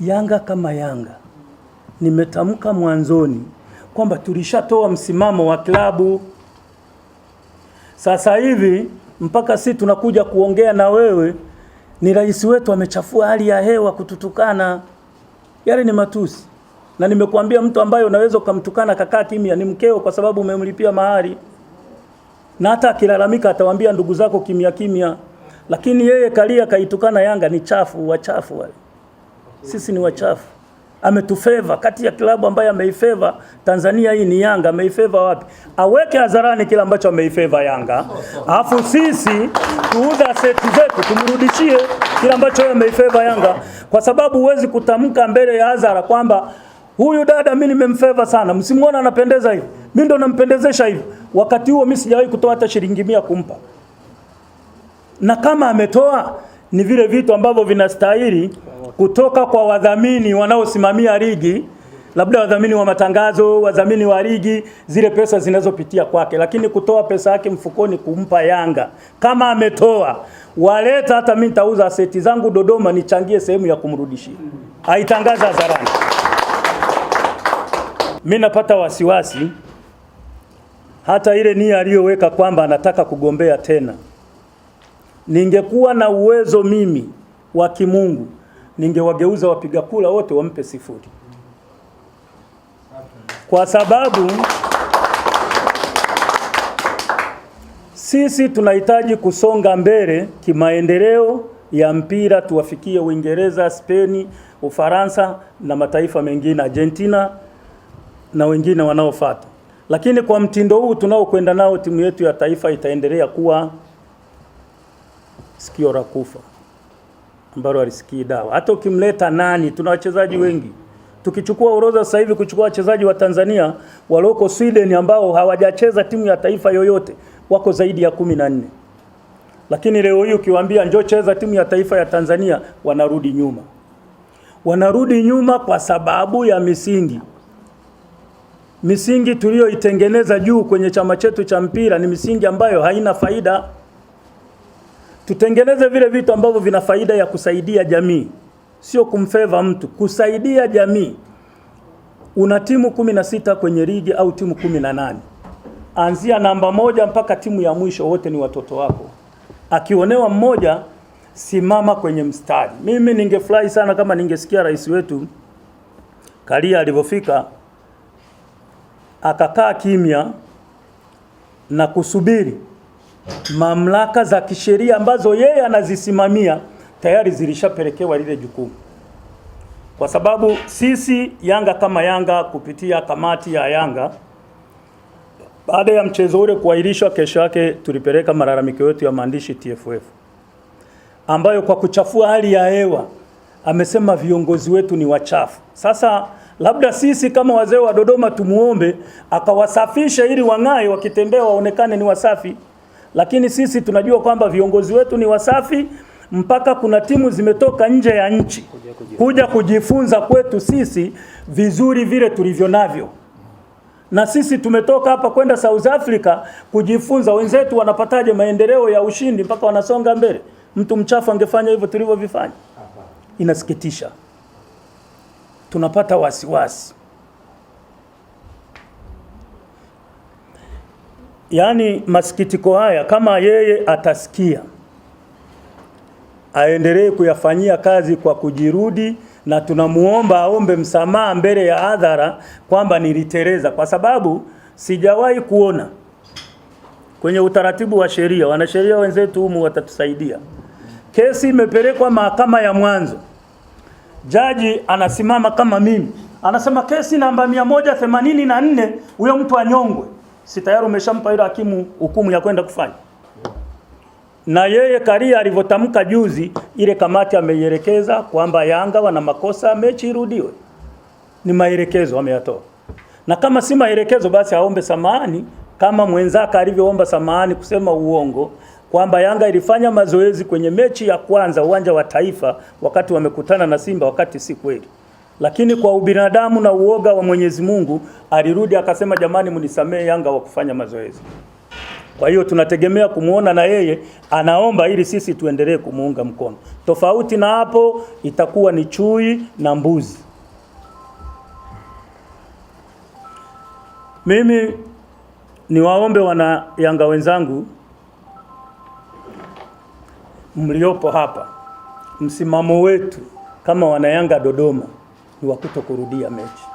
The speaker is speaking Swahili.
Yanga kama Yanga, nimetamka mwanzoni kwamba tulishatoa msimamo wa klabu. Sasa hivi mpaka si tunakuja kuongea na wewe, ni rais wetu amechafua hali ya hewa kututukana. Yale ni matusi, na nimekuambia mtu ambaye unaweza ukamtukana kakaa kimya ni mkeo, kwa sababu umemlipia mahari, na hata akilalamika atawambia ndugu zako kimya kimya, lakini yeye kalia kaitukana Yanga ni chafu, wachafu wale sisi ni wachafu. Ametufeva kati ya klabu ambayo ameifeva Tanzania hii ni Yanga. Ameifeva wapi? Aweke hadharani kile ambacho ameifeva Yanga, alafu sisi tuuza seti zetu tumrudishie kile ambacho yeye ameifeva Yanga, kwa sababu huwezi kutamka mbele ya hadhara kwamba huyu dada mimi nimemfeva sana, msimuona anapendeza hivi, mimi ndo nampendezesha hivi. Wakati huo mimi sijawahi kutoa hata shilingi mia kumpa, na kama ametoa ni vile vitu ambavyo vinastahili kutoka kwa wadhamini wanaosimamia ligi, labda wadhamini wa matangazo, wadhamini wa ligi, zile pesa zinazopitia kwake, lakini kutoa pesa yake mfukoni kumpa Yanga kama ametoa waleta, hata mimi nitauza aseti zangu Dodoma nichangie sehemu ya kumrudishia, aitangaza hadharani. Mimi napata wasiwasi hata ile nia aliyoweka kwamba anataka kugombea tena. Ningekuwa na uwezo mimi wa kimungu ningewageuza wapiga kula wote wampe sifuri, kwa sababu sisi tunahitaji kusonga mbele kimaendeleo ya mpira, tuwafikie Uingereza, Spain, Ufaransa na mataifa mengine Argentina na wengine wanaofuata. Lakini kwa mtindo huu tunaokwenda nao, timu yetu ya taifa itaendelea kuwa sikio la kufa ambalo alisikii dawa. Hata ukimleta nani, tuna wachezaji wengi tukichukua orodha sasa hivi kuchukua wachezaji wa Tanzania walioko Sweden ambao hawajacheza timu ya taifa yoyote wako zaidi ya kumi na nne, lakini leo hii ukiwaambia njoo cheza timu ya taifa ya Tanzania wanarudi nyuma. Wanarudi nyuma kwa sababu ya misingi, misingi tuliyoitengeneza juu kwenye chama chetu cha mpira ni misingi ambayo haina faida tutengeneze vile vitu ambavyo vina faida ya kusaidia jamii, sio kumfeva mtu, kusaidia jamii. Una timu 16 kwenye ligi au timu 18, anzia namba moja mpaka timu ya mwisho, wote ni watoto wako. Akionewa mmoja, simama kwenye mstari. Mimi ningefurahi sana kama ningesikia rais wetu Karia alivyofika akakaa kimya na kusubiri mamlaka za kisheria ambazo yeye anazisimamia tayari zilishapelekewa lile jukumu, kwa sababu sisi Yanga kama Yanga kupitia kamati ya Yanga baada ya mchezo ule kuahirishwa, kesho yake tulipeleka malalamiko yetu ya maandishi TFF, ambayo kwa kuchafua hali ya hewa amesema viongozi wetu ni wachafu. Sasa labda sisi kama wazee wa Dodoma tumuombe akawasafishe ili wang'ae, wakitembea waonekane ni wasafi lakini sisi tunajua kwamba viongozi wetu ni wasafi mpaka kuna timu zimetoka nje ya nchi kuja kujifunza kwetu sisi vizuri vile tulivyo navyo, na sisi tumetoka hapa kwenda South Africa kujifunza wenzetu wanapataje maendeleo ya ushindi mpaka wanasonga mbele. Mtu mchafu angefanya hivyo tulivyovifanya, inasikitisha, tunapata wasiwasi wasi. yaani masikitiko haya kama yeye atasikia aendelee kuyafanyia kazi kwa kujirudi, na tunamuomba aombe msamaha mbele ya hadhara kwamba niliteleza, kwa sababu sijawahi kuona kwenye utaratibu wa sheria. Wanasheria wenzetu humu watatusaidia. Kesi imepelekwa mahakama ya mwanzo, jaji anasimama kama mimi, anasema kesi namba 184 huyo mtu anyongwe si tayari umeshampa yule hakimu hukumu ya kwenda kufanya. Na yeye Karia alivyotamka juzi, ile kamati ameielekeza kwamba Yanga wana makosa, mechi irudiwe. Ni maelekezo ameyatoa, na kama si maelekezo basi aombe samahani kama mwenzake alivyoomba samahani kusema uongo kwamba Yanga ilifanya mazoezi kwenye mechi ya kwanza uwanja wa Taifa wakati wamekutana na Simba, wakati si kweli. Lakini kwa ubinadamu na uoga wa Mwenyezi Mungu alirudi akasema, jamani, mnisamee Yanga wa kufanya mazoezi. Kwa hiyo tunategemea kumwona na yeye anaomba ili sisi tuendelee kumuunga mkono. Tofauti na hapo itakuwa ni chui na mbuzi. Mimi niwaombe wana Yanga wenzangu mliopo hapa, msimamo wetu kama wana Yanga Dodoma ni wa kutokurudia mechi.